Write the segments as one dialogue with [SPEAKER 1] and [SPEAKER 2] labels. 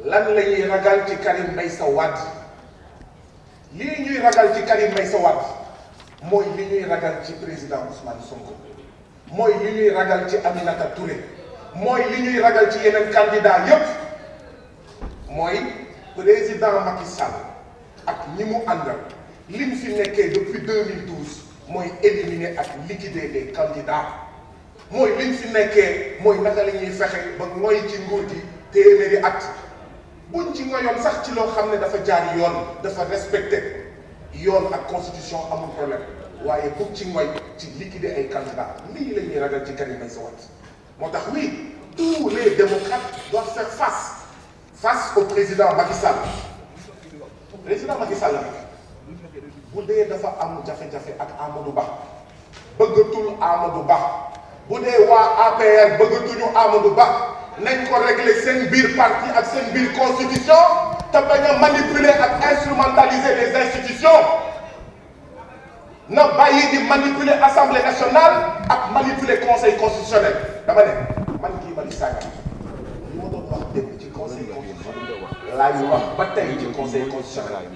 [SPEAKER 1] lan la ñuy ragal ci Karim Meïssa Wade lii ñuy ragal ci Karim Meïssa Wade mooy li ñuy ragal ci président Ousmane Sonko mooy li ñuy ragal ci Aminata Touré mooy li ñuy ragal ci yeneen candidat yépp mooy président Macky Sall ak ñi mu àndal li mu fi nekkee depuis 2012 mooy éliminer ak liquider les candidats mooy li ñu fi nekkee mooy naka la ñuy fexe ba mooy ci nguur gi téeméeri at buñ ci ngoyoon sax ci loo xam ne dafa jaar yoon dafa respecté yoon ak constitution amul problème waaye buñ ci ngoy ci liquider ay candidat lii la ñuy ragal ci Karim Meïssa Wade moo tax oui tous les démocrates doivent faire face face au président Macky Sall président Macky Sall bu dee dafa am jafe-jafe ak Amadou Ba bëggatul Amadou Ba bu dee waa APR bëggatuñu Amadou Ba nañ ko régler seen biir parti ak seen biir constitution te bañ a manipuler ak instrumentaliser les institutions na bàyyi di manipuler assemblée nationale ak manipuler conseil constitutionnel dama ne man kii Malick Sagna li ma doon wax dëgg ci conseil constitutionnel laa ñu wax ba tey ci conseil constitutionnel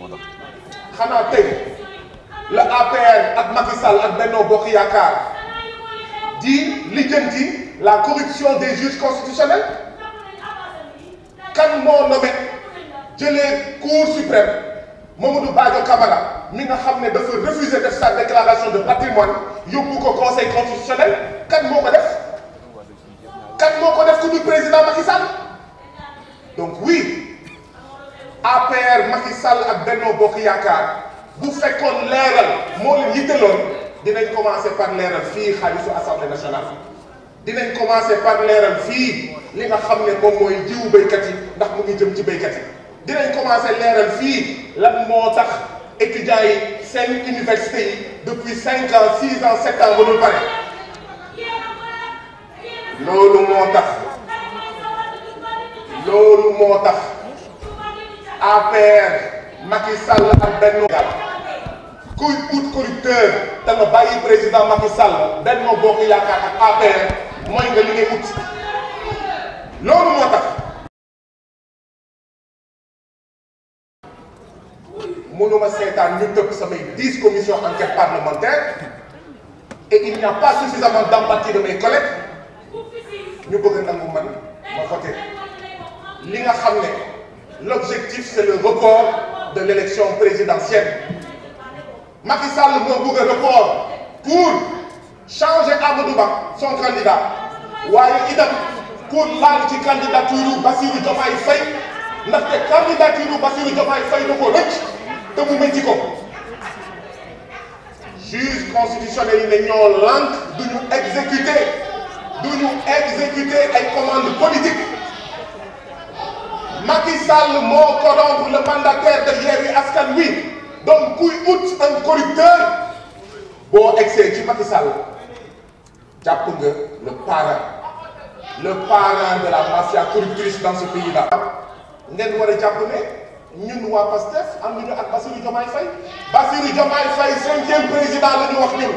[SPEAKER 1] xanaa tey la APR ak Macky Sall ak Benno Bokk li di lijjanti la corruption des juges constitutionnels kan moo nommé jëlee cour suprême Mamadou Badio Camara mi nga xam ne dafa refuser def sa déclaration de patrimoine yóbbu ko conseil constitutionnel kan moo ko def kan moo ko def ku dul président Macky Sall donc oui APR Macky Sall ak Benno Bokk Yaakaar bu fekkoon leeral moo dinañ commencer par leeral fii xaalisu assemblée nationale dinañ commencer par leeral fii li nga xam ne moom mooy jiwu béykat yi ndax mu ngi jëm ci béykat yi dinañ commencer leeral fii lan moo tax étudiants yi seen université yi depuis cinq ans six ans sept ans mënul pare loolu moo tax loolu moo tax APR Macky Sall ak Benno kuy ut corrupteur da nga président Macky Sall Benno Bokk Yaakaar ak APR mooy nga li ngay ut loolu moo tax mënuma seetaan ñu tëb samay dix commissions enquête parlementaire et il n'y a pas suffisamment d'empathie de mes collègues ñu bëgg nangu man ma voté li nga xam ne l'objectif c'est le report de l'élection présidentielle Macky Sall moo bëgg a report pour changer Amadou Ba son candidat waaye itam pour laal ci candidature Bassirou Diomaye Faye ndaxte candidature Bassirou Diomaye Faye da ko rëcc te mu métti ko juge constitutionnel ne ñoo lànk duñu exécuter duñu exécuter ay commandes politiques Macky moo corrompre le mandataire de Yewwi Askan Wi donc kuy ut un corrupteur boo egsee ci Macky nga le parrain le parrain de la mafia corruptrice dans ce pays là. ngeen war a jàpp ne ñun waa PASTEF am nañu ak Bassirou Diomaye Faye Bassirou Diomaye Faye cinquième président la ñu wax ñun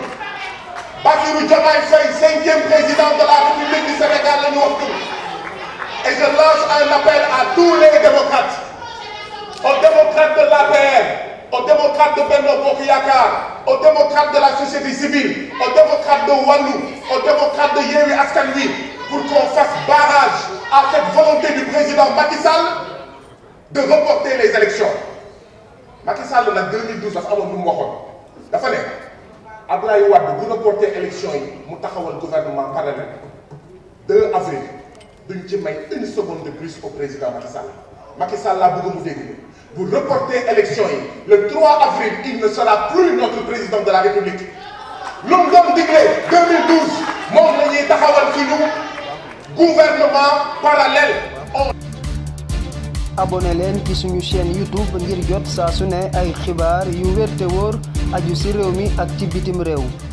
[SPEAKER 1] Bassirou Diomaye Faye cinquième président de la République du Sénégal la ñu wax ñun et je lance un appel à tous les démocrates aux démocrates de l'APR aux démocrates de Benno Bokk Yaakaar aux de la société civile aux démocrates de Wallu aux démocrates de Yewwi Askan Wi pour qu'on fasse barrage à cette volonté du président Macky Sall de reporter les élections Macky Sall nag 2012 dafa amoon lu mu waxoon dafa ne Abdoulaye Wade bu reporter élection yi mu taxawal gouvernement parallèle 2 avril duñ ci may une seconde de plus au président Macky Sall Macky Sall laa bëgg bu reporter élection yi le avril il ne sera plus notre président de la république lu mu doon moom la taxawal ci gouvernement parallèle abonné leen ci suñu chaîne youtube ngir jot saa su ne ay xibaar yu wér te wóor aju ci réew mi ak ci bitim réew